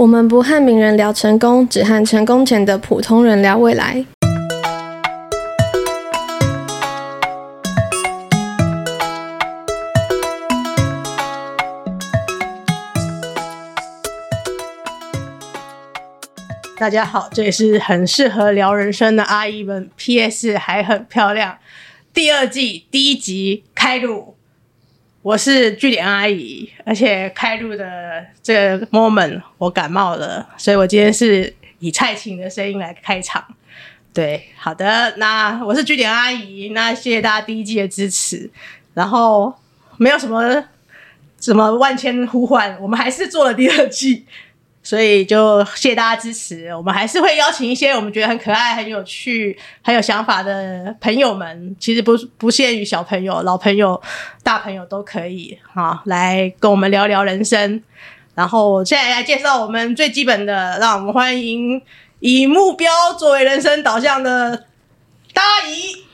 我們不和名人聊成功，只和成功前的普通人聊未來。大家好，這也是很適合聊人生的阿姨們。P.S. 還很漂亮。第二季第一集開錄。我是句點阿姨，而且開錄的這個 moment 我感冒了，所以我今天是以蔡琴的聲音來開場。對，好的，那我是句點阿姨，那謝謝大家第一季的支持，然後沒有什麼什麼萬千呼喚，我們還是做了第二季。所以，就謝謝大家支持。我們還是會邀請一些我們覺得很可愛、很有趣、很有想法的朋友們，其實不不限於小朋友、老朋友、大朋友都可以哈、啊，來跟我們聊聊人生。然後現在來介紹我們最基本的，讓我們歡迎以目標作為人生導向的大阿姨。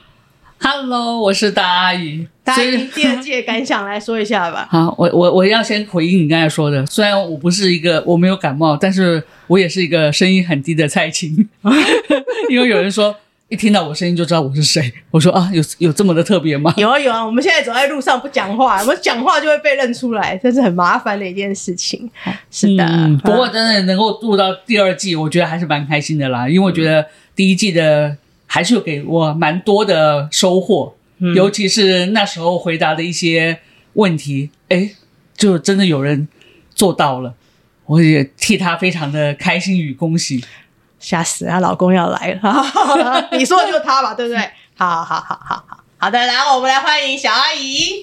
Hello，我是大阿姨。大阿姨，第二季的感想來說一下吧。 好，我我我要先回應你剛才說的。雖然我不是一個我沒有感冒，但是我也是一個聲音很低的蔡琴，因為有人說 一聽到我聲音就知道我是誰。我說，啊，有有這麼的特別嗎？有啊有啊，我們現在走在路上不講話，我們講話就會被認出來，這是很麻煩的一件事情。是的，嗯啊、不過真的能夠錄到第二季，我覺得還是蠻開心的啦。因為我覺得第一季的。還是有給我蠻多的收穫，嗯，尤其是那時候回答的一些問題，哎、欸，就真的有人做到了，我也替他非常的開心與恭喜。嚇死了，他老公要來了！ 你說的就是他吧，對不對？ 好好好好好好的，然後我們來歡迎小阿姨。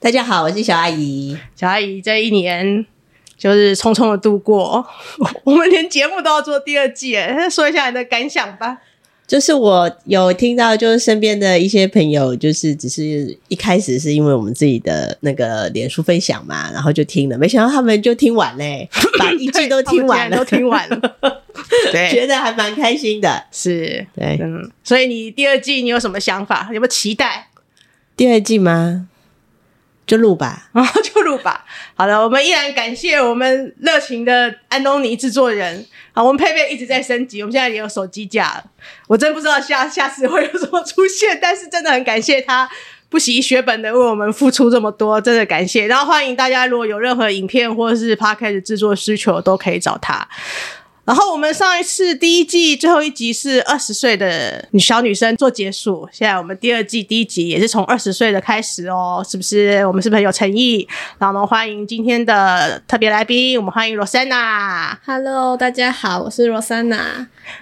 大家好，我是小阿姨。小阿姨這一年就是匆匆的度過， 我們連節目都要做第二季，說一下你的感想吧。就是我有聽到，就是身邊的一些朋友，就是只是一開始是因為我們自己的那個臉書分享嘛，然後就聽了，沒想到他們就聽完嘞、欸，把一季都聽完了， 都聽完了 對，對，覺得還蠻開心的，是對，嗯，所以你第二季你有什麼想法？有沒有期待？第二季嗎？就錄吧，然 後就錄吧。好了，我們依然感謝我們熱情的安東尼製作人。好，我們配備一直在升級，我們現在也有手機架。我真不知道下下次會有什麼出現，但是真的很感謝他不惜血本的為我們付出這麼多，真的感謝。然後歡迎大家，如果有任何影片或是 podcast 製作需求，都可以找他。然後我們上一次第一季最後一集是二十歲的小女生做結束，現在我們第二季第一集也是從二十歲的開始哦，是不是？我們是不是很有誠意？然後我們歡迎今天的特別來賓，我們歡迎羅珊納。Hello，大家好，我是羅珊納。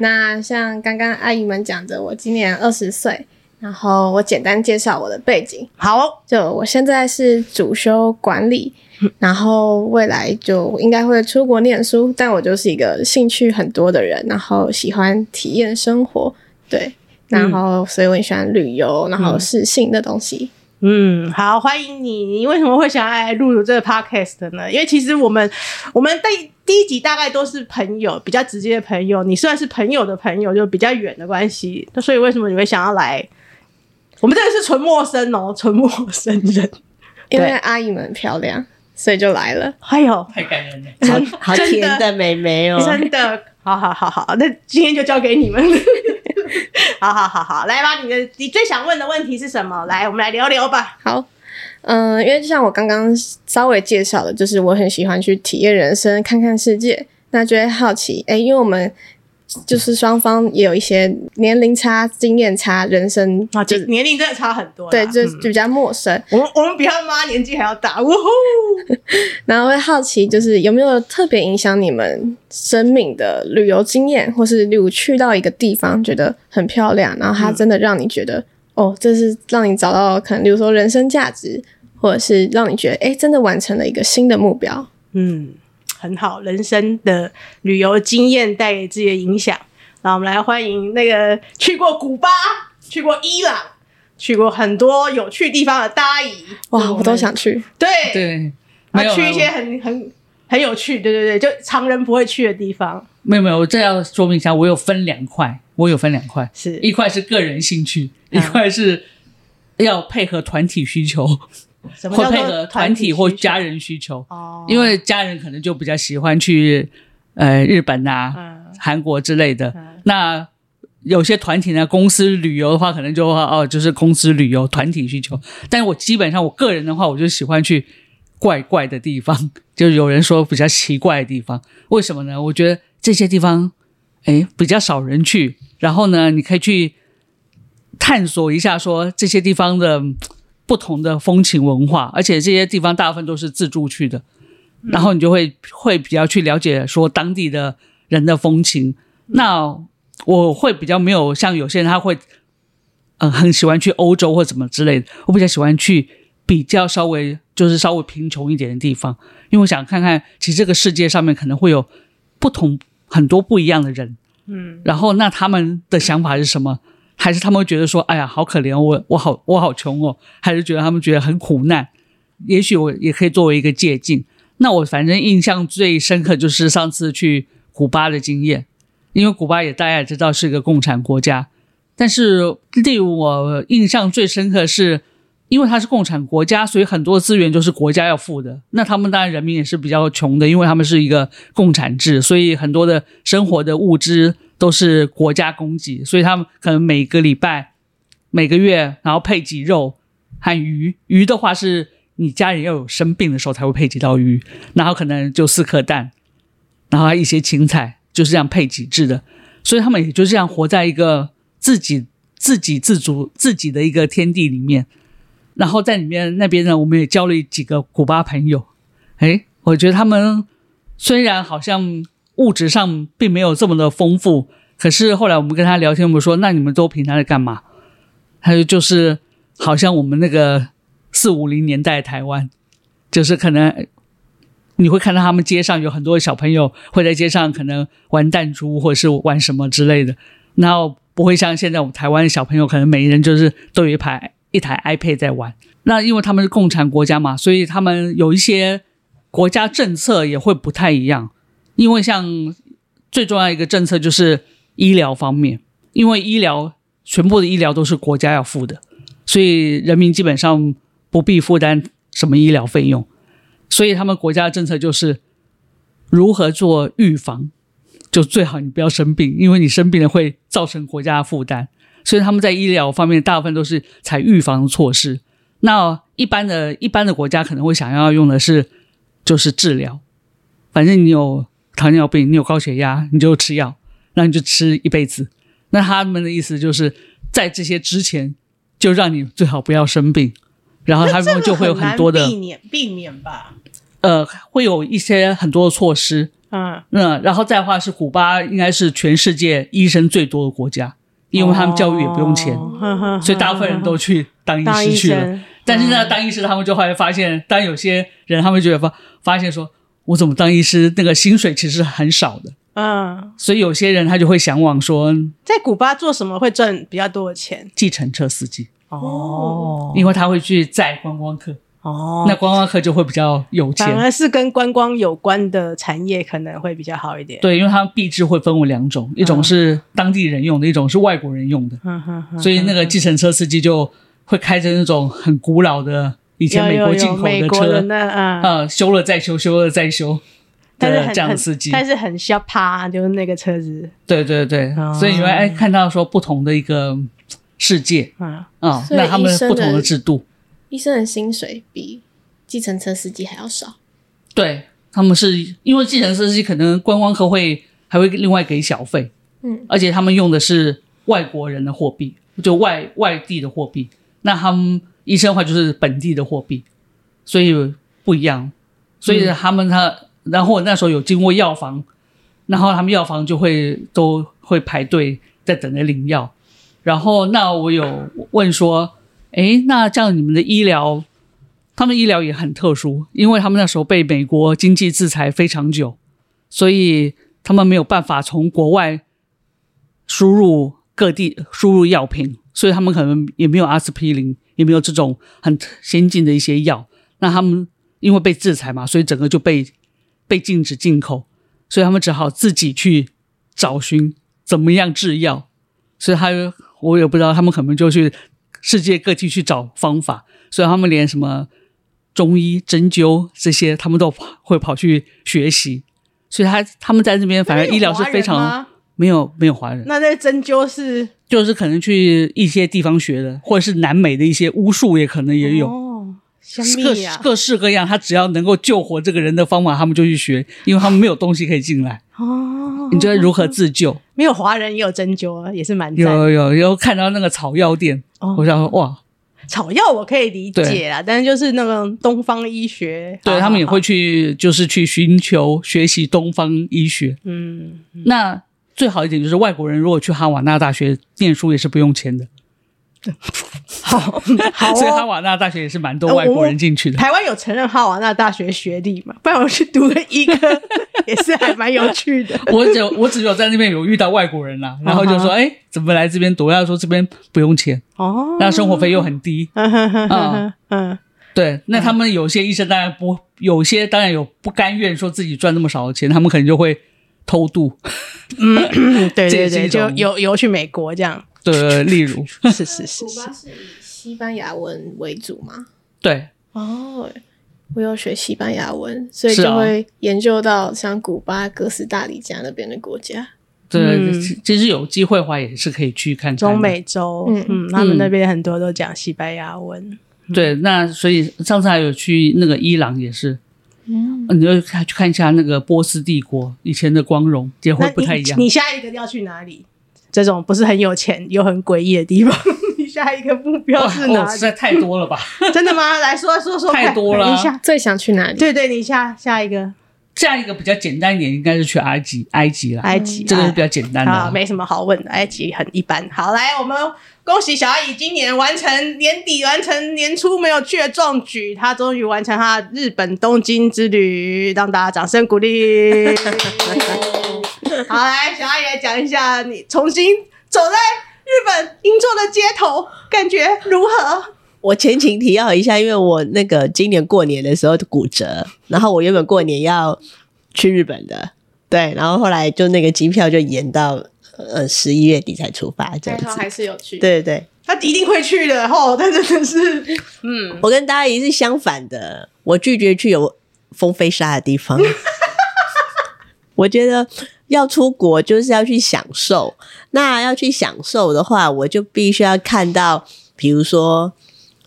那像剛剛阿姨們講的，我今年二十歲。然後我簡單介紹我的背景。好，就我現在是主修管理。然後未來就應該會出國念書，但我就是一個興趣很多的人，然後喜歡體驗生活，對，然後所以我也喜歡旅遊，然後試新的東西嗯。嗯，好，歡迎你。你為什麼會想要來錄錄這個 podcast 呢？因為其實我們我們第第一集大概都是朋友，比較直接的朋友。你雖然是朋友的朋友，就比較遠的關係，所以為什麼你會想要來？我們真的是純陌生哦，純陌生人，因為阿姨們漂亮。所以就來了，哎呦，太感人了，好，好甜的妹妹哦、喔，真的，好好好好，那今天就交給你們了， 好好好好，來吧，你的你最想問的問題是什麼？來，我們來聊聊吧。好，嗯、呃，因為就像我剛剛稍微介紹的，就是我很喜歡去體驗人生，看看世界，那就會好奇，哎、欸，因為我們。就是雙方也有一些年齡差、經驗差、人生就、啊、就年齡真的差很多，對，就就比較陌生。我、嗯、我們比他媽年紀還要大， 然後會好奇，就是有沒有特別影響你們生命的旅遊經驗，或是例如去到一個地方覺得很漂亮，然後它真的讓你覺得、嗯、哦，這是讓你找到可能，比如說人生價值，或者是讓你覺得哎、欸，真的完成了一個新的目標，嗯。很好，人生的旅遊經驗帶給自己的影響。然後我們來歡迎那個去過古巴、去過伊朗、去過很多有趣地方的大姨。哇，我，我都想去。對對、啊有，去一些很很很有趣，對對對，就常人不會去的地方。沒有沒有，我這要說明一下，我有分兩塊，我有分兩塊，是一塊是個人興趣，嗯、一塊是要配合團體需求。會配合團體或家人需求，因為家人可能就比較喜歡去，呃，日本啊、韓國之類的。那有些團體呢，公司旅遊的話，可能就哦，就是公司旅遊團體需求。但是我基本上我個人的話，我就喜歡去怪怪的地方，就有人說比較奇怪的地方。為什麼呢？我覺得這些地方誒，比較少人去，然後呢，你可以去探索一下，說這些地方的。不同的風情文化，而且這些地方大部分都是自助去的，然後你就會會比較去了解說當地的人的風情。那我會比較沒有像有些人他會，嗯、呃，很喜歡去歐洲或什麼之類的。我比較喜歡去比較稍微就是稍微貧窮一點的地方，因為我想看看其實這個世界上面可能會有不同很多不一樣的人，嗯，然後那他們的想法是什麼？還是他們覺得說，哎呀，好可憐哦，我我好我好窮哦。還是覺得他們覺得很苦難。也許我也可以作為一個借鏡。那我反正印象最深刻就是上次去古巴的經驗，因為古巴也大家也知道是一個共產國家。但是，例如我印象最深刻是，因為它是共產國家，所以很多資源就是國家要付的。那他們當然人民也是比較窮的，因為他們是一個共產制，所以很多的生活的物資。都是國家供給，所以他們可能每個禮拜、每個月，然後配給肉，還有魚。魚的話是你家裡要有生病的時候才會配給到魚，然後可能就四顆蛋，然後一些青菜，就是這樣配給制的。所以他們也就是這樣活在一個自己自給自足自己的一個天地裡面。然後在裡面那邊呢，我們也交了幾個古巴朋友。哎，我覺得他們雖然好像。物質上並沒有這麼的豐富，可是後來我們跟他聊天，我們說：“那你們都平常在幹嘛？”他就就是好像我們那個四五零年代的台灣，就是可能你會看到他們街上有很多小朋友會在街上可能玩彈珠或者是玩什麼之類的，然後不會像現在我們台灣的小朋友可能每一人就是都有一台一台 iPad 在玩。那因為他們是共產國家嘛，所以他們有一些國家政策也會不太一樣。因為像最重要一個政策就是醫療方面，因為醫療全部的醫療都是國家要付的，所以人民基本上不必負擔什麼醫療費用。所以他們國家的政策就是如何做預防，就最好你不要生病，因為你生病了會造成國家的負擔。所以他們在醫療方面大部分都是採預防的措施。那一般的一般的國家可能會想要用的是就是治療，反正你有。糖尿病，你有高血壓，你就吃藥，那你就吃一輩子。那他們的意思就是在這些之前，就讓你最好不要生病。然後他們就會有很多的這這個很難避免，避免吧。呃，會有一些很多的措施。嗯那、呃、然後再話是，古巴應該是全世界醫生最多的國家，因為他們教育也不用錢，哦、所以大部分人都去當醫師去了。嗯、但是呢，當醫師他們就會發現，當有些人他們就會發發現說。我怎麼當醫師，那個薪水其實很少的。嗯，所以有些人他就會嚮往說，在古巴做什麼會賺比較多的錢？計程車司機哦，因為他會去載觀光客哦，那觀光客就會比較有錢。反而是跟觀光有關的產業可能會比較好一點。對，因為他們幣制會分為兩種，嗯，一種是當地人用的，一種是外國人用的。嗯嗯嗯。所以那個計程車司機就會開着那種很古老的。以前美國進口的車，有有有美國人的。嗯，修了再修，修了再修，但是很這樣的司機，但是很需要趴，就是那個車子，對對對，哦、所以你會哎看到說不同的一個世界啊啊，嗯，那他們不同的制度，醫生的薪水比計程車司機還要少，對，他們是因為計程車司機可能觀光客會還會另外給小費，嗯，而且他們用的是外國人的貨幣，就外外地的貨幣，那他們。醫生的話就是本地的貨幣，所以不一樣。所以他們他，嗯、然後那時候有經過藥房，然後他們藥房就會都會排隊在等着領藥。然後那我有問說：“哎，那這樣你們的醫療，他們醫療也很特殊，因為他們那時候被美國經濟制裁非常久，所以他們沒有辦法從國外輸入各地輸入藥品，所以他們可能也沒有阿司匹林。”也沒有這種很先進的一些藥。那他們因為被制裁嘛，所以整個就被被禁止進口，所以他們只好自己去找尋怎麼樣製藥。所以他我也不知道，他們可能就去世界各地去找方法。所以他們連什麼中醫針灸這些，他們都會跑去學習。所以他他們在這邊，反正醫療是非常。沒有，沒有華人。那在針灸是，就是可能去一些地方學的，或者是南美的一些巫術，也可能也有哦，啊、各樣各式各樣。他只要能夠救活這個人的方法，他們就去學，因為他們沒有東西可以進來哦。你覺得如何自救？哦哦哦、沒有華人也有針灸啊，也是蠻的有有有看到那個草藥店，哦、我想說哇，草藥我可以理解啦，但是就是那個東方醫學，對、哦對哦、他們也會去、哦，就是去尋求學習東方醫學。嗯，那。最好一點就是外國人如果去哈瓦那大學念書也是不用錢的， 好，好，好，哦，所以哈瓦那大學也是蠻多外國人進去的。呃、臺灣有承認哈瓦那大學學歷嘛？不然我去讀個醫科 也是還蠻有趣的。 我只有我只有在那邊有遇到外國人啦、啊， 然後就說：“誒、欸、怎麼來這邊讀？要說這邊不用錢哦，那、 欸、 生活費又很低。 嗯”嗯 嗯，對。那他們有些醫生當然不，有些當然有不甘願說自己賺那麼少的錢，他們可能就會。偷渡，嗯， 對對對，就游游去美國這樣，對，例如，是是，是是是，古巴是以西班牙文為主嗎？對，哦，我有學西班牙文，所以就會研究到像古巴、哥斯大黎加那邊的國家。哦、對、嗯，其實有機會的話也是可以去看，看中美洲，嗯，嗯，他們那邊很多都講西班牙文、嗯。對，那所以上次還有去那個伊朗也是。嗯，你就看去看一下那個波斯帝國以前的光榮，結果不，不太一樣你。你下一個要去哪裡？這種不是很有錢又很詭異的地方。你下一個目標是哪？哦哦？實在太多了吧？ 真的嗎？來說說說。太多了、啊。你下最想去哪裡？對對，對，你下下一個，下一個比較簡單一點，應該是去埃及，埃及啦。埃及、啊、這個是比較簡單的、啊啊，沒什麼好問的。埃及很一般。好，來我們。恭喜小阿姨今年完成，年底完成年初沒有去的壯舉，她終於完成她的日本東京之旅，讓大家掌聲鼓勵。 好，來小阿姨來講一下，你重新走在日本銀座的街頭，感覺如何？我前情提要一下，因為我那個今年過年的時候的骨折，然後我原本過年要去日本的，對，然後後來就那個機票就延到。呃，十一月底才出發，這樣他還是有去，對對對，他一定會去的吼。 但真的是，嗯，我跟大姨是相反的，我拒絕去有風飛沙的地方。 我覺得要出國就是要去享受，那要去享受的話，我就必須要看到，比如說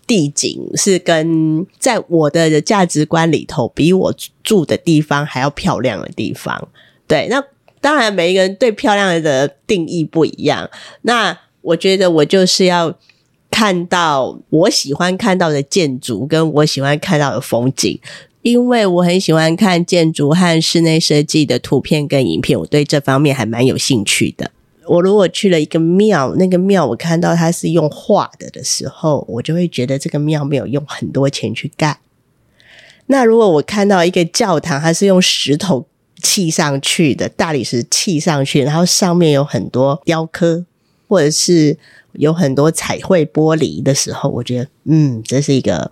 地景是跟在我的價值觀裡頭比我住的地方還要漂亮的地方。對，那。當然，每一個人對漂亮的定義不一樣。那我覺得我就是要看到我喜歡看到的建築，跟我喜歡看到的風景。因為我很喜歡看建築和室內設計的圖片跟影片，我對這方面還蠻有興趣的。我如果去了一個廟，那個廟我看到它是用畫的的時候，我就會覺得這個廟沒有用很多錢去蓋。那如果我看到一個教堂，它是用石頭。砌上去的大理石砌上去，然後上面有很多雕刻，或者是有很多彩繪玻璃的時候，我覺得，嗯，這是一個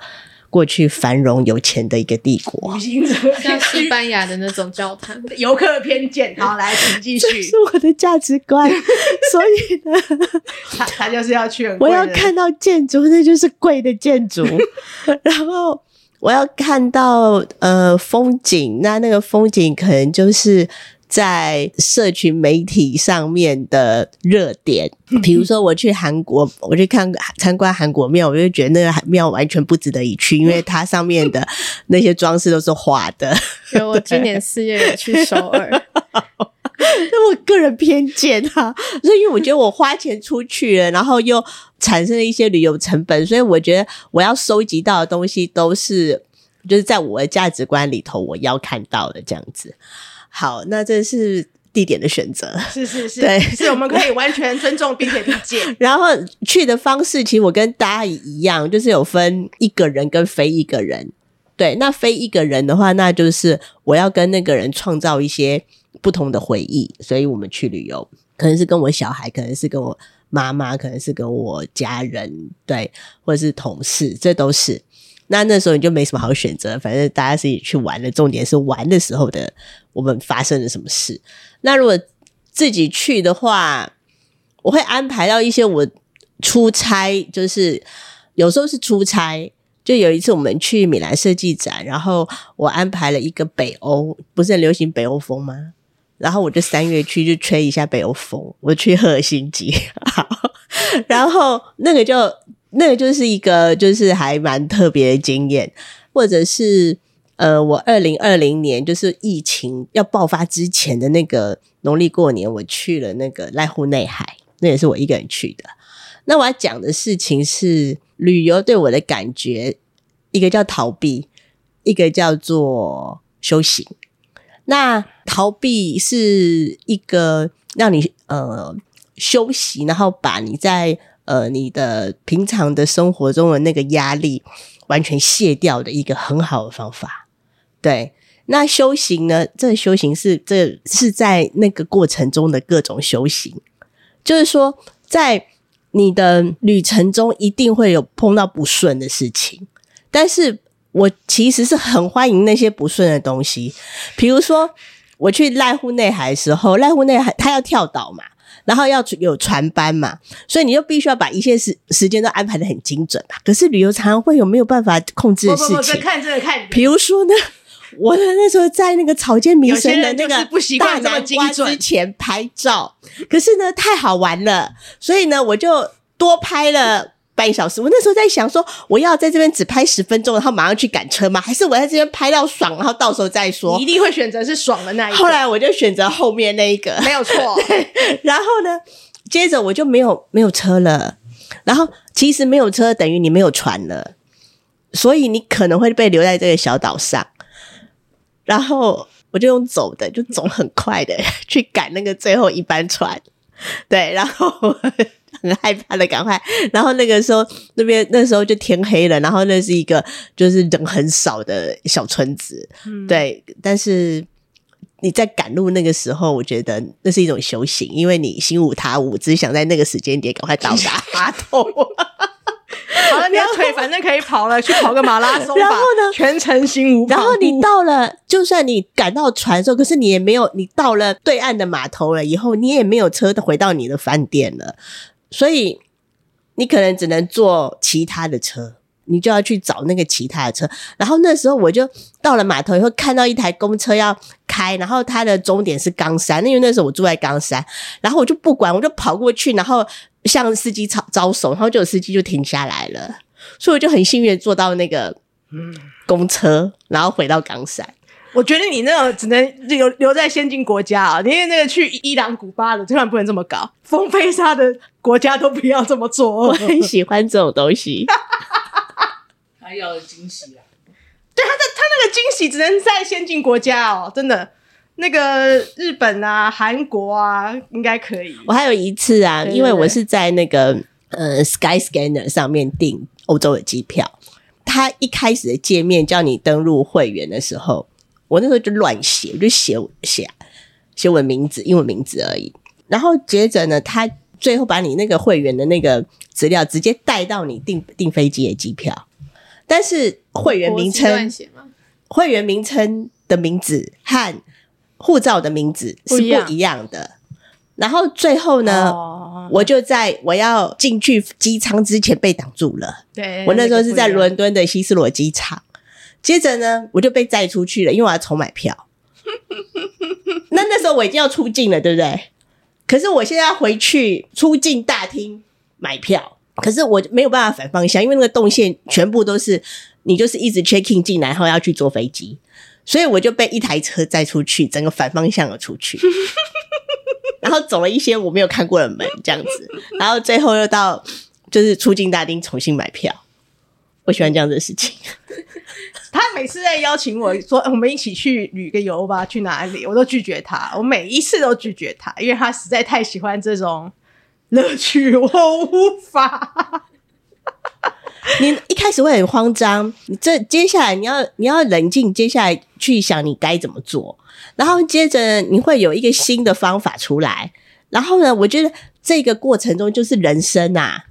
過去繁榮有錢的一個帝國，像西班牙的那種教堂。 遊客的偏見，好，來，請繼續，是我的價值觀。所以呢， 他他就是要去很，我要看到建築，那就是貴的建築， 然後。我要看到呃風景，那那個風景可能就是在社群媒體上面的熱點。比如說我去韓國，我去看參觀韓國廟，我就覺得那個廟完全不值得一去，因為它上面的那些裝飾都是畫的。 對，我今年四月也去首爾。 那我個人偏見啊，所以因為我覺得我花錢出去了，然後又產生了一些旅遊成本，所以我覺得我要收集到的東西都是，就是在我的價值觀裡頭我要看到的這樣子。好，那這是地點的選擇，是是是，對，是我們可以完全尊重並且理解。 然後去的方式，其實我跟大家一樣，就是有分一個人跟非一個人。對，那非一個人的話，那就是我要跟那個人創造一些。不同的回憶，所以我們去旅遊，可能是跟我小孩，可能是跟我媽媽，可能是跟我家人，對，或者是同事，這都是。那那時候你就沒什麼好選擇，反正大家自己去玩的。重點是玩的時候的我們發生了什麼事。那如果自己去的話，我會安排到一些我出差，就是有時候是出差，就有一次我們去米蘭設計展，然後我安排了一個北歐，不是很流行北歐風嗎？然後我就三月去，就吹一下北歐風，我去赫爾辛基，然後那個就那個就是一個就是還蠻特別的經驗，或者是呃，我二零二零年就是疫情要爆發之前的那個農曆過年，我去了那個瀨戶內海，那也是我一個人去的。那我要講的事情是旅遊對我的感覺，一個叫逃避，一個叫做修行。那逃避是一個讓你呃休息，然後把你在呃你的平常的生活中的那個壓力完全卸掉的一個很好的方法。對，那修行呢？這個修行是，這是在那個過程中的各種修行，就是說在你的旅程中一定會有碰到不順的事情，但是。我其實是很歡迎那些不順的東西，比如說我去瀨戶內海的時候，瀨戶內海它要跳島嘛，然後要有船班嘛，所以你就必須要把一切時時間都安排得很精準嘛。可是旅遊常常會有沒有辦法控制的事情。不不不，比如說呢，我呢那時候在那個草間彌生的那個大南瓜之前拍照，可是呢太好玩了，所以呢我就多拍了。半小時，我那時候在想說，我要在這邊只拍十分鐘，然後馬上去趕車嗎？還是我在這邊拍到爽，然後到時候再說？你一定會選擇是爽的那一個。後來我就選擇後面那一個，沒有錯。 然後呢，接着我就沒有沒有車了。然後其實沒有車等於你沒有船了，所以你可能會被留在這個小島上。然後我就用走的，就走很快的、嗯、去趕那個最後一班船。對，然後。 很害怕的，趕快！然後那個時候，那邊那時候就天黑了，然後那是一個就是人很少的小村子，嗯，對。但是你在趕路那個時候，我覺得那是一種修行，因為你心無他物，只想在那個時間點趕快到達碼頭。好 了 然後，你的腿反正可以跑了，去跑個馬拉松，然後呢，全程心無。然後你到了，就算你趕到船上，可是你也沒有，你到了對岸的碼頭了以後，你也沒有車回到你的飯店了。所以，你可能只能坐其他的車，你就要去找那個其他的車。然後那時候我就到了碼頭以後，看到一台公車要開，然後它的終點是岡山，那因為那時候我住在岡山。然後我就不管，我就跑過去，然後向司機招招手，然後就有司機就停下來了。所以我就很幸運的坐到那個嗯公車，然後回到岡山。我覺得你那種只能留留在先進國家啊、喔，因為那個去伊朗、古巴的，千萬不能這麼搞。風飛沙的國家都不要這麼做、喔。我很喜歡這種東西， 還有驚喜啊！對，他的他那個驚喜只能在先進國家哦、喔，真的，那個日本啊、韓國啊，應該可以。我還有一次啊，對對對對，因為我是在那個呃，Skyscanner 上面訂歐洲的機票，他一開始的介面叫你登入會員的時候。我那時候就亂寫，我就寫寫寫我名字，英文名字而已。然後接着呢，他最後把你那個會員的那個資料直接帶到你訂訂飛機的機票，但是會員名稱、會員名稱的名字和護照的名字是不一樣的。不一樣。然後最後呢，oh, oh, oh, oh. 我就在我要進去機艙之前被擋住了。對，我那時候是在倫敦的希斯羅機場。那個接着呢，我就被載出去了，因為我要重買票。那那時候我已經要出境了，對不對？可是我現在要回去出境大廳買票，可是我沒有辦法反方向，因為那個動線全部都是你就是一直 checking 進來，然後要去坐飛機，所以我就被一台車載出去，整個反方向的出去，然後走了一些我沒有看過的門，這樣子，然後最後又到就是出境大廳重新買票。我喜歡這樣的事情 。他每次在邀請我說：“我們一起去旅個遊吧，去哪裡？”我都拒絕他。我每一次都拒絕他，因為他實在太喜歡這種樂趣，我無法。 你一開始會很慌張，你這接下來你要你要冷靜，接下來去想你該怎麼做，然後接着你會有一個新的方法出來。然後呢，我覺得這個過程中就是人生啊。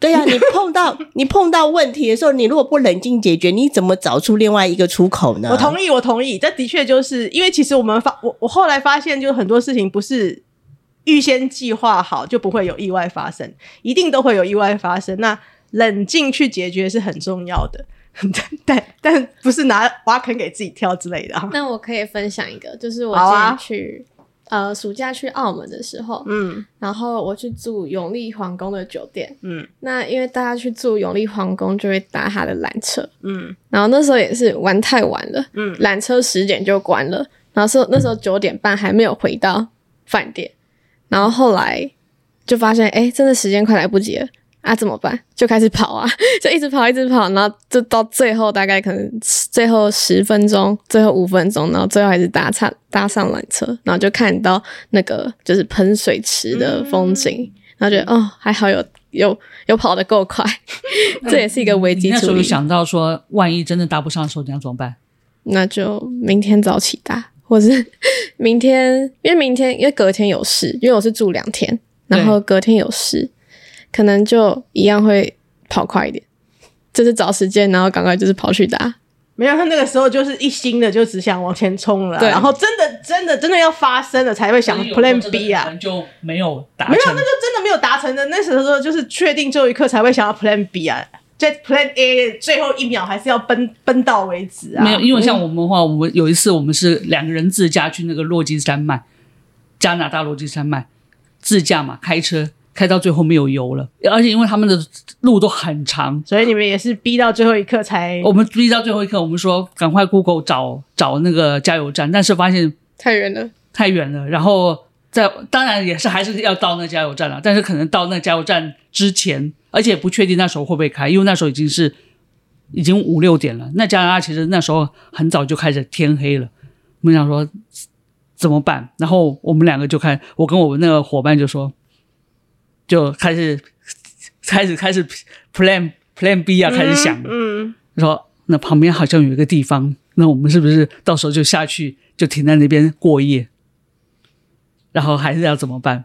對呀，啊，你碰到你碰到問題的時候，你如果不冷靜解決，你怎麼找出另外一個出口呢？ 我同意，我同意，這的確就是因為其實我們發我我後來發現，就很多事情不是預先計劃好就不會有意外發生，一定都會有意外發生。那冷靜去解決是很重要的，但但不是拿挖坑給自己跳之類的啊。那我可以分享一個，就是我今天去。呃，暑假去澳門的時候，嗯，然後我去住永利皇宮的酒店，嗯，那因為大家去住永利皇宮就會搭他的纜車，嗯，然後那時候也是玩太晚了，嗯，纜車十點就關了，然後是那時候九點半還沒有回到飯店，然後後來就發現，哎、欸，真的時間快來不及了。啊，怎麼辦？就開始跑啊，就一直跑，一直跑，然後就到最後，大概可能最後十分鐘，最後五分鐘，然後最後還是搭上搭上纜車，然後就看到那個就是噴水池的風景，嗯、然後覺得、嗯、哦，還好有有有跑得夠快、嗯，這也是一個危機處理。你那時候有想到說，萬一真的搭不上的時候你要怎麼辦？那就明天早起搭，或是明天，因為明天因為隔天有事，因為我是住兩天，然後隔天有事。可能就一樣會跑快一點，就是找時間，然後趕快就是跑去打。沒有，他那個時候就是一心的，就只想往前衝了、啊。對，然後真的、真的、真的要發生了才會想 Plan B 啊，可能就沒有達成。沒有，那就真的沒有達成的。那時候就是確定最後一刻才會想要 Plan B 啊，在 Plan A 最後一秒還是要奔奔到為止啊。沒有，因為像我們的話，嗯、我們有一次我們是兩個人自駕去那個落基山脈，加拿大落基山脈自駕嘛，開車。開到最後沒有油了，而且因為他們的路都很長，所以你們也是逼到最後一刻才。我們逼到最後一刻，我們說趕快 Google 找找那個加油站，但是發現太遠了，太遠了。然後在當然也是還是要到那加油站了，但是可能到那加油站之前，而且不確定那時候會不會開，因為那時候已經是已經五六點了。那加拿大其實那時候很早就開始天黑了。我們想說怎麼辦？然後我們兩個就開，我跟我們那個夥伴就說。就開始，開始開始 plan plan B 啊，嗯、開始想，嗯，說那旁邊好像有一個地方，那我們是不是到時候就下去，就停在那邊過夜？然後還是要怎麼辦？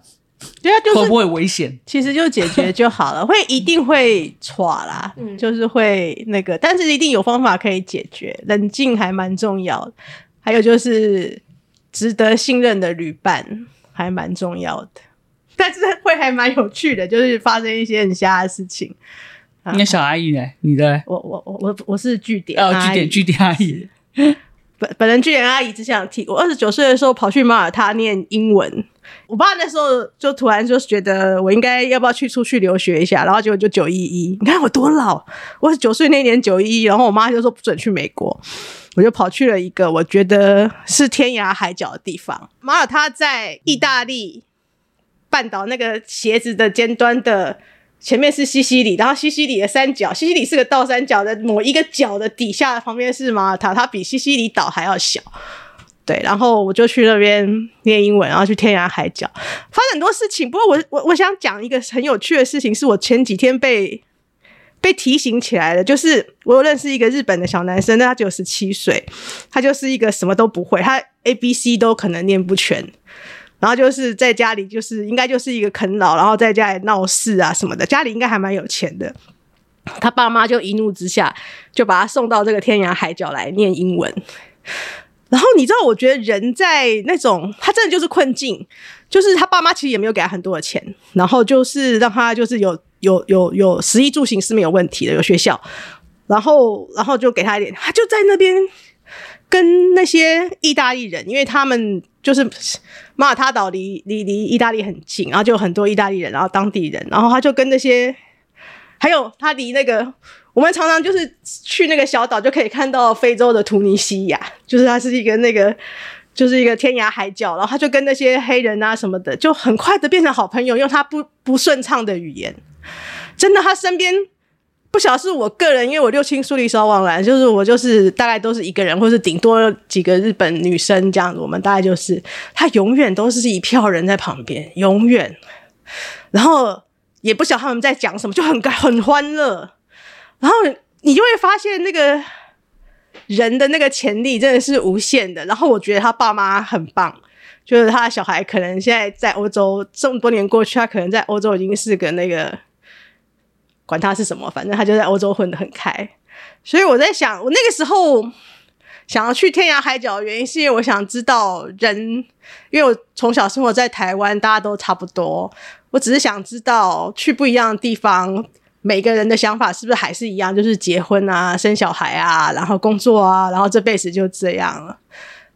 對啊、就是，就會不會危險？其實就解決就好了， 會一定會垮啦、嗯，就是會那個，但是一定有方法可以解決，冷靜還蠻重要，還有就是值得信任的旅伴，還蠻重要的。但是會還蠻有趣的，就是發生一些很瞎的事情。啊、那小阿姨呢？你的？我我我我我是句點啊，句點句點阿姨。哦、阿姨本本人句點阿姨只想提，我二十九歲的時候跑去馬耳他念英文。我爸那時候就突然就是覺得我應該要不要去出去留學一下，然後結果就九一一。你看我多老，我二十九歲那年九一一，然後我媽就說不准去美國，我就跑去了一個我覺得是天涯海角的地方。馬耳他在意大利。半島那個鞋子的尖端的前面是西西里，然後西西里的三角，西西里是個倒三角，在某一個角的底下，旁邊是馬爾他，它比西西里島還要小。對，然後我就去那邊念英文，然後去天涯海角，發生很多事情。不過我我我想講一個很有趣的事情，是我前幾天被被提醒起來的，就是我有認識一個日本的小男生，那他只有十七歲，他就是一個什麼都不會，他 A B C 都可能念不全。然後就是在家裡，就是應該就是一個啃老，然後在家裡鬧事啊什麼的。家裡應該還蠻有錢的，他爸媽就一怒之下就把他送到這個天涯海角來念英文。然後你知道，我覺得人在那種他真的就是困境，就是他爸媽其實也沒有給他很多的錢，然後就是讓他就是有有有有食衣住行是沒有問題的，有學校，然後然後就給他一點，他就在那邊跟那些意大利人，因為他們。就是馬耳他島離離離意大利很近，然後就很多意大利人，然後當地人，然後他就跟那些，還有他離那個，我們常常就是去那個小島就可以看到非洲的突尼西亞，就是他是一個那個，就是一個天涯海角，然後他就跟那些黑人啊什麼的，就很快的變成好朋友，用他不不順暢的語言，真的，他身邊。不曉得是我個人，因為我六親疏離少往來，就是我就是大概都是一個人，或是頂多幾個日本女生這樣子。我們大概就是他永遠都是一票人在旁邊，永遠，然後也不曉得他們在講什麼，就很很歡樂。然後你就會發現那個人的那個潛力真的是無限的。然後我覺得他爸媽很棒，就是他的小孩可能現在在歐洲這麼多年過去，他可能在歐洲已經是個那個。管他是什麼，反正他就在歐洲混得很開。所以我在想，我那個時候想要去天涯海角的原因，是因為我想知道人，因為我從小生活在台灣，大家都差不多。我只是想知道去不一樣的地方，每個人的想法是不是還是一樣？就是結婚啊、生小孩啊、然後工作啊，然後這輩子就這樣了。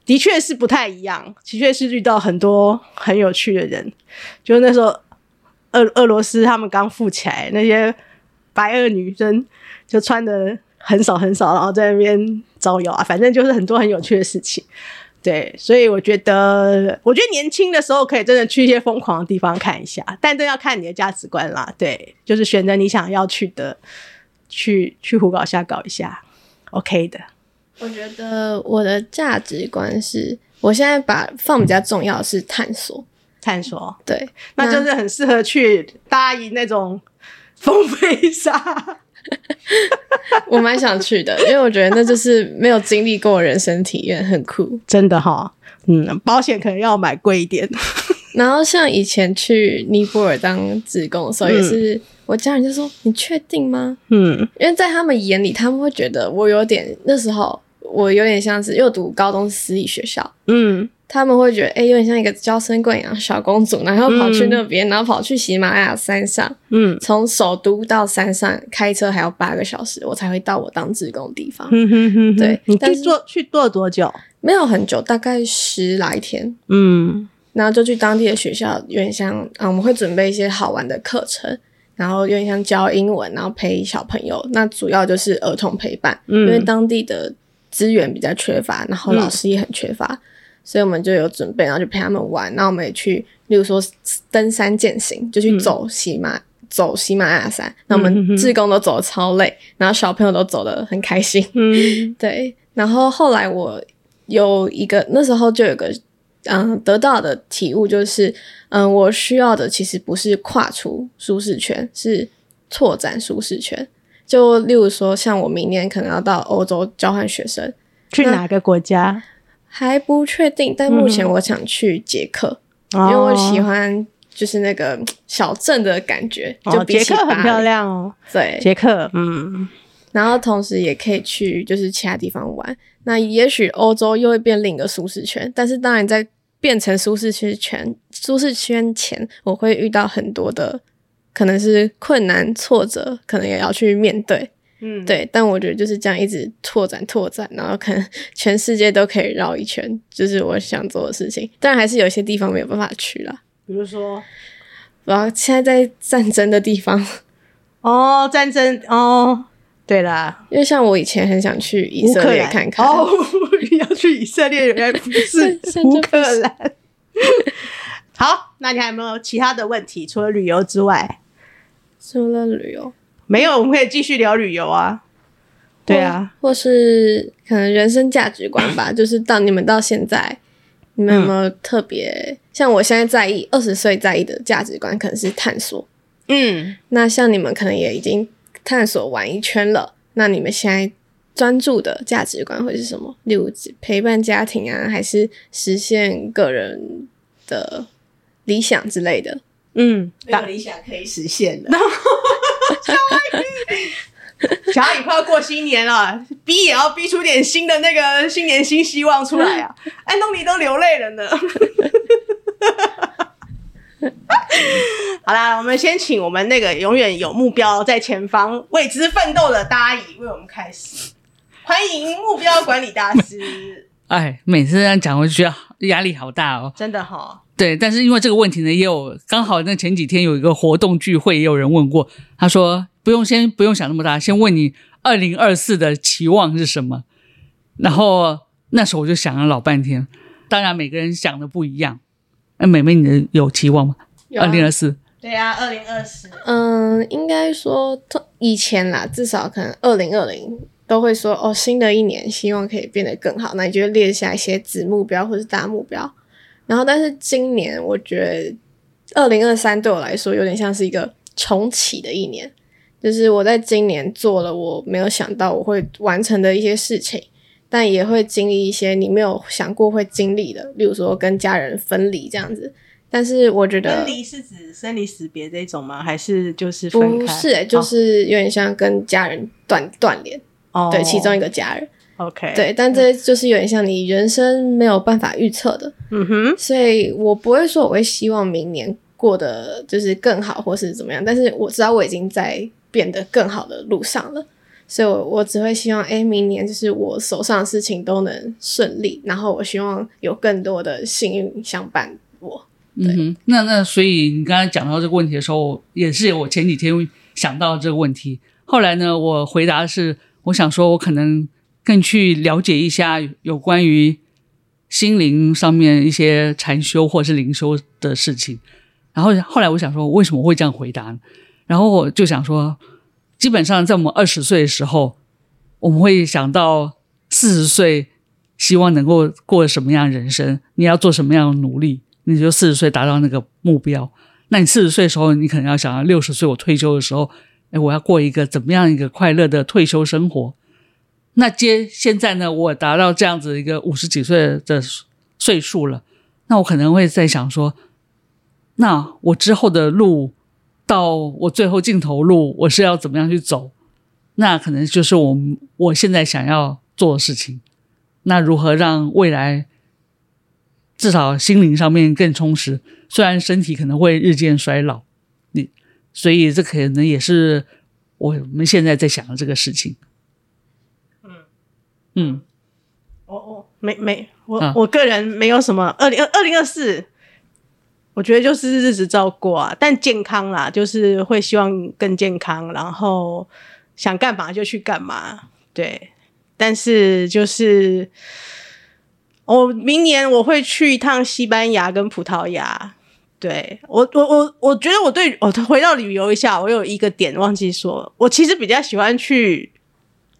的確是不太一樣，的確是遇到很多很有趣的人。就那時候俄，俄俄羅斯他們剛富起來，那些。白二女生就穿的很少很少，然後在那邊招搖啊，反正就是很多很有趣的事情。對，所以我覺得，我覺得年輕的時候可以真的去一些瘋狂的地方看一下，但都要看你的價值觀啦。對，就是選擇你想要去的，去去胡搞瞎搞一下，OK 的。我覺得我的價值觀是，我現在把放比較重要的是探索，探索，對，那，那就是很適合去搭以那種。風飛沙， 我蠻想去的，因為我覺得那就是沒有經歷過人生體驗，很酷，真的哈、哦。嗯，保險可能要買貴一點。 然後像以前去尼泊爾當義工的時候、嗯，也是我家人就說：“你確定嗎？”嗯，因為在他們眼裡，他們會覺得我有點那時候。我有點像是又讀高中私立學校，嗯，他們會覺得哎、欸，有點像一個嬌生慣養小公主，然後跑去那邊、嗯，然後跑去喜馬拉雅山上，嗯，從首都到山上開車還要八個小時，我才會到我當志工的地方嗯嗯。嗯。對，你去做但是去做了多久？沒有很久，大概十來天。嗯，然後就去當地的學校，有點像啊，我們會準備一些好玩的課程，然後有點像教英文，然後陪小朋友。那主要就是兒童陪伴，嗯、因為當地的。資源比較缺乏，然後老師也很缺乏，嗯，所以我們就有準備，然後就陪他們玩。那我們也去，例如說登山健行，就去走喜馬，嗯、走喜馬拉雅山。那我們志工都走的超累，嗯哼哼，然後小朋友都走的很開心，嗯。對。然後後來我有一個那時候就有一個嗯，得到的體悟就是嗯，我需要的其實不是跨出舒適圈，是拓展舒適圈。就例如說，像我明年可能要到歐洲交換學生，去哪個國家還不確定。但目前我想去捷克，嗯、因為我喜歡就是那個小鎮的感覺。哦、就比起捷克很漂亮哦。對，捷克，嗯。然後同時也可以去就是其他地方玩。那也許歐洲又會變另一個舒適圈，但是當然在變成舒適圈、舒適圈前，我會遇到很多的。可能是困難挫折，可能也要去面對，嗯，對。但我覺得就是這樣，一直拓展拓展，然後可能全世界都可以繞一圈，就是我想做的事情。但還是有些地方沒有辦法去了，比如說，我要現在在戰爭的地方，哦，戰爭，哦，對啦，因為像我以前很想去以色列看看，哦，要去以色列原來不是烏克蘭。 爭不 好，那你還有沒有其他的問題？除了旅遊之外，除了旅遊，沒有，我們可以繼續聊旅遊啊。對啊，或是可能人生價值觀吧， 就是到你們到現在，你們有沒有特別、嗯、像我現在在意，二十歲在意的價值觀，可能是探索。嗯，那像你們可能也已經探索完一圈了，那你們現在專注的價值觀會是什麼？例如陪伴家庭啊，還是實現個人的？理想之類的，嗯，沒有理想可以實現了。小阿姨，小阿姨快要過新年了，逼也要逼出點新的那個新年新希望出來啊！ 安東尼都流淚了呢。 好啦，我們先請我們那個永遠有目標在前方為之奮鬥的大阿姨為我們開始。歡迎目標管理大師。哎，每次這樣講需要，我就覺得壓力好大哦，真的哈、哦。對，但是因為這個問題呢，也有剛好那前幾天有一個活動聚會，也有人問過，他說不用，先不用想那麼大，先問你二零二四的期望是什麼？然後那時候我就想了老半天，當然每個人想的不一樣。那美美，你的有期望嗎？二零二四？對呀、啊，二零二四。嗯，應該說以前啦，至少可能二零二零都會說哦，新的一年希望可以變得更好。那你就列下一些子目標或者是大目標。然後，但是今年我覺得，二零二三對我來說有點像是一個重啟的一年，就是我在今年做了我沒有想到我會完成的一些事情，但也會經歷一些你沒有想過會經歷的，例如說跟家人分離這樣子。但是我覺得，分離是指生離死別這種嗎？還是就是不是、欸？就是有點像跟家人斷斷聯，對其中一個家人。OK，對，但這就是有點像你人生沒有辦法預測的，嗯哼，所以我不會說我會希望明年過得就是更好或是怎麼樣，但是我知道我已經在變得更好的路上了，所以我，我我只會希望，哎，明年就是我手上的事情都能順利，然後我希望有更多的幸運相伴我。嗯哼，那那所以你剛才講到這個問題的時候，也是我前幾天想到這個問題，後來呢，我回答的是，我想說我可能。更去了解一下有關於心靈上面一些禪修或者是靈修的事情。然後後來我想說，為什麼會這樣回答呢？然後我就想說，基本上在我們二十歲的時候，我們會想到四十歲，希望能夠過什麼樣的人生？你要做什麼樣的努力，你就四十歲達到那個目標。那你四十歲的時候，你可能要想到六十歲我退休的時候，哎，我要過一個怎麼樣一個快樂的退休生活？那接現在呢？我達到這樣子一個五十幾歲的歲數了，那我可能會在想說，那我之後的路，到我最後盡頭路，我是要怎麼樣去走？那可能就是我我現在想要做的事情。那如何讓未來至少心靈上面更充實，雖然身體可能會日漸衰老，你所以這可能也是我們現在在想的這個事情。嗯，我我，沒沒，我、嗯、我個人沒有什麼。二零二二零二四，我覺得就是日子照過啊，但健康啦，就是會希望更健康，然後想幹嘛就去幹嘛，對。但是就是我明年我會去一趟西班牙跟葡萄牙，對，我我我我覺得我對，我回到旅遊一下，我有一個點忘記說了，我其實比較喜歡去。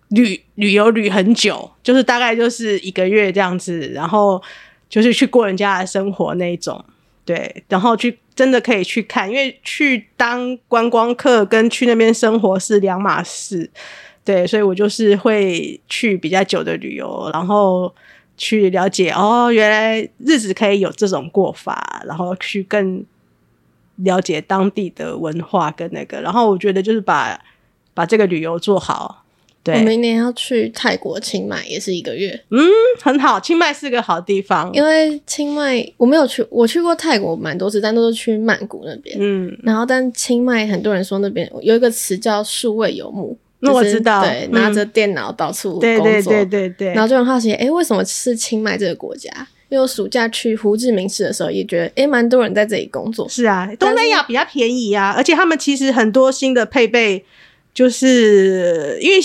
旅旅遊旅很久，就是大概就是一個月這樣子，然後就是去過人家的生活那一種，對，然後去真的可以去看，因為去當觀光客跟去那邊生活是兩碼事，對，所以我就是會去比較久的旅遊，然後去了解哦，原來日子可以有這種過法，然後去更了解當地的文化跟那個，然後我覺得就是把把這個旅遊做好。對，我明年要去泰國清邁，也是一個月。嗯，很好，清邁是個好地方。因為清邁我沒有去，我去過泰國蠻多次，但都是去曼谷那邊。嗯，然後但清邁很多人說那邊有一個詞叫數位遊牧，那、就是、我知道。對、嗯，拿着電腦到處工作，對對對對對，對。然後就很好奇，哎，為什麼是清邁這個國家？因為我暑假去胡志明市的時候，也覺得哎，蠻多人在這裡工作。是啊，東南亞比較便宜啊，而且他們其實很多新的配備。就是因為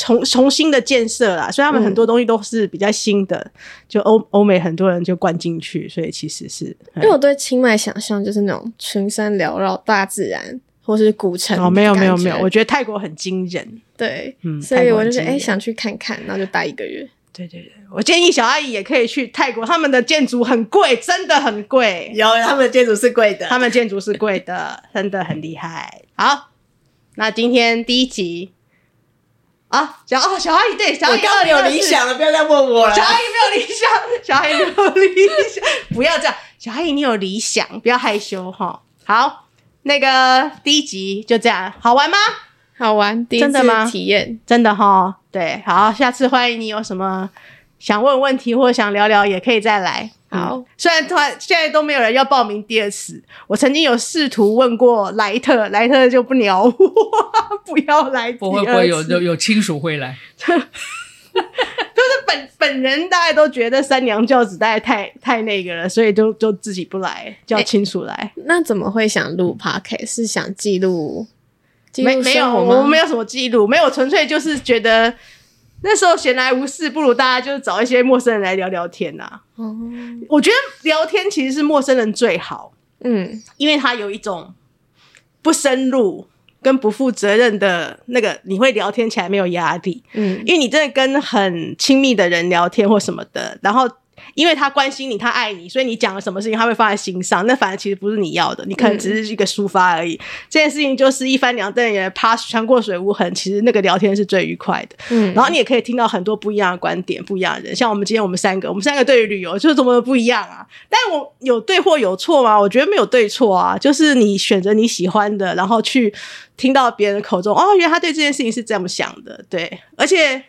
重重新的建設啦，所以他們很多東西都是比較新的。嗯、就歐歐美很多人就灌進去，所以其實是因為我對清邁想象就是那種群山繚繞、大自然或是古城。哦，沒有沒有沒有，我覺得泰國很驚人。對，嗯，所以我就是哎、欸、想去看看，那就待一個月。對對對，我建議小阿姨也可以去泰國，他們的建築很貴，真的很貴。有，他們的建築是貴的， 他們建築是貴的，真的很厲害。好。那今天第一集啊，小哦，小阿姨對，小阿姨 2, 我告訴你有理想了，不要再問我了。小阿姨沒有理想， 小阿姨沒有理想，不要這樣。小阿姨你有理想，不要害羞哈、哦。好，那個第一集就這樣，好玩嗎？好玩，第一次真的嗎？體驗真的哈、哦。對，好，下次歡迎你有什麼想問問題或者想聊聊，也可以再來。好、嗯，雖然突然現在都沒有人要報名第二次，我曾經有試圖問過萊特，萊特就不鳥我，不要萊特我會不會有有有親屬會來？就 是本本人大概都覺得三娘教子，太太太那個了，所以就，就自己不來，叫親屬來。欸，那怎麼會想錄 podcast 是想記錄？沒沒有，我們沒有什麼記錄，沒有，純粹就是覺得。那時候閒來無事，不如大家就找一些陌生人來聊聊天吶。啊，嗯。我覺得聊天其實是陌生人最好，嗯，因為他有一種不深入跟不負責任的那個，你會聊天起來沒有壓力，嗯，因為你真的跟很親密的人聊天或什麼的，然後。因為他關心你，他愛你，所以你講了什麼事情，他會放在心上。那反正其實不是你要的，你可能只是一個抒發而已。嗯、這件事情就是一翻兩瞪眼 pass，穿過水無痕。其實那個聊天是最愉快的，嗯，然後你也可以聽到很多不一樣的觀點，不一樣的人。像我們今天，我們三個，我們三個對於旅遊就是這麼不一樣啊！但我有對或有錯嗎？我覺得沒有對錯啊，就是你選擇你喜歡的，然後去聽到別人口中，哦，原來他對這件事情是這麼想的，對，而且。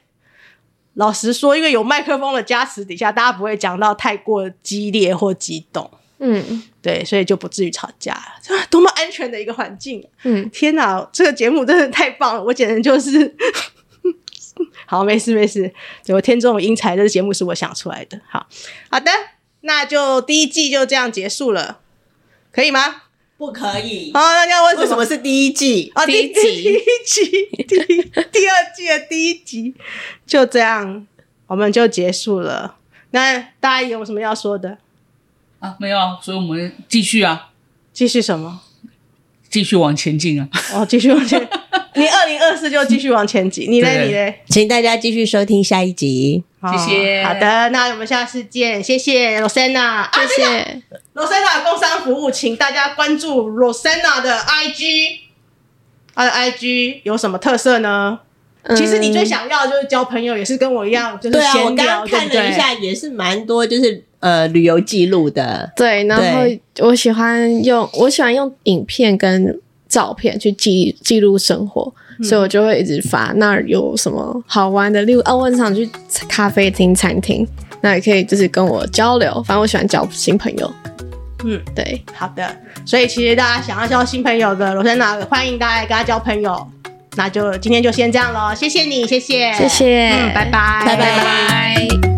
老實說，因為有麥克風的加持底下，大家不會講到太過激烈或激動，嗯，對，所以就不至於吵架了。啊，多麼安全的一個環境啊。嗯，天哪，這個節目真的太棒了，我簡直就是…… 好，沒事沒事，我天縱英才，這個節目是我想出來的。好，好的，那就第一季就這樣結束了，可以嗎？不可以啊，哦！那要問為什麼是第一季啊，哦？第一集，第一集，第第二季的第一集，就這樣，我們就結束了。那大家有什麼要說的啊？沒有，啊，所以我們繼續啊！繼續什麼？繼續往前進啊！哦，繼續往前進，你二零二四就繼續往前進。 你嘞，你嘞，請大家繼續收聽下一集。好，哦，謝謝。好的，那我們下次見。謝謝羅珊納，Rosanna, 謝謝。Ah, no! Rosanna 的工商服務，請大家關注 Rosanna 的 IG。他的 IG 有什麼特色呢？嗯、其實你最想要的就是交朋友，也是跟我一樣，就是閒聊對啊。我剛剛看了一下，對對也是蠻多就是呃旅遊記錄的。對，然後我喜歡用我喜歡用影片跟照片去記記錄生活、嗯，所以我就會一直發，那有什麼好玩的。例如，啊，我想去咖啡廳、餐廳，那也可以就是跟我交流。反正我喜歡交新朋友。嗯，對，好的，所以其實大家想要交新朋友的羅珊納，歡迎大家跟她交朋友。那就今天就先這樣咯，謝謝你，謝謝，謝謝，嗯，拜拜，拜拜。拜拜。